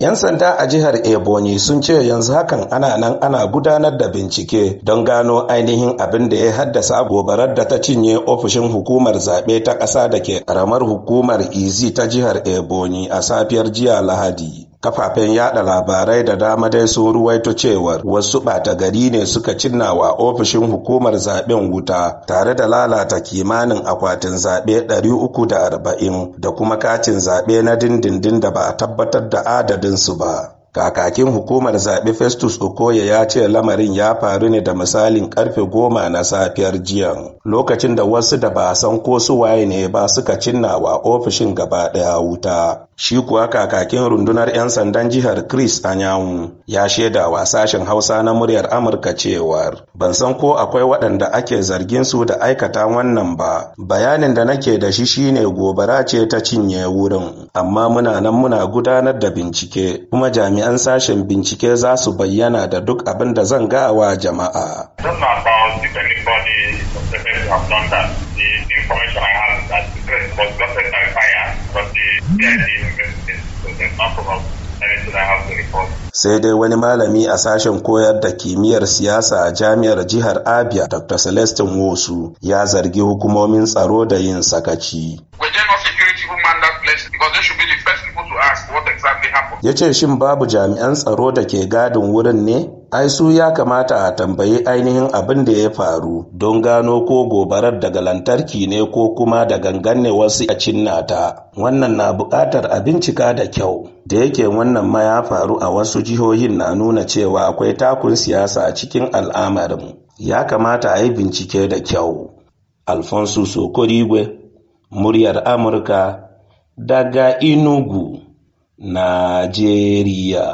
'Yan sanda a jihar Ebonyi sun ce yanzu hakan ana nan ana gudanar da bincike don gano ainihin abin da ya haddasa gobarar da ta cinye ofishin hukumar zaɓe ta ƙasa da ke ƙaramar hukumar Izi ta jihar Ebonyi a safiyar jiya Lahadi. Kafafen yada labarai da dama dai sun ruwaito cewar wasu bata gari ne suka cinna wa ofishin hukumar zaben wuta tare da lalata kimanin akwatin zaɓe 340 da kuma katin zaɓe na dindindin da ba a tabbatar da adadinsu ba. kakakin hukumar zaɓe festus okoye ya ce lamarin ya faru ne da misalin karfe goma na safiyar jiya lokacin da wasu da ba san ko su waye ne ba suka cinna wa ofishin gaba ɗaya wuta shi kuwa kakakin rundunar 'yan sandan jihar chris anyanwu ya shaida wa sashen hausa na muryar amurka cewar ban san ko akwai waɗanda ake zargin su da aikata wannan ba bayanin da nake da shi shine gobara ce ta cinye wurin amma muna nan muna gudanar da bincike kuma jami'an jami'an sashen bincike za su bayyana da duk abin da zan ga wa jama'a. sai dai wani malami a sashen koyar da kimiyyar siyasa a jami'ar jihar abia dr celestin wosu ya zargi hukumomin tsaro da yin sakaci human that Ya ce shin babu jami'an tsaro da ke gadin wurin ne? Ai su ya kamata a tambayi ainihin abin da ya faru don gano ko gobarar daga lantarki ne ko kuma da gangan ne wasu a cinnata. Wannan na buƙatar a bincika da kyau. Da yake wannan ma ya faru a wasu jihohin na nuna cewa akwai takun siyasa a cikin al'amarin. Ya kamata a yi bincike da kyau. Alfonso Sokorigwe Muryar Amurka, daga inugu Najeriya.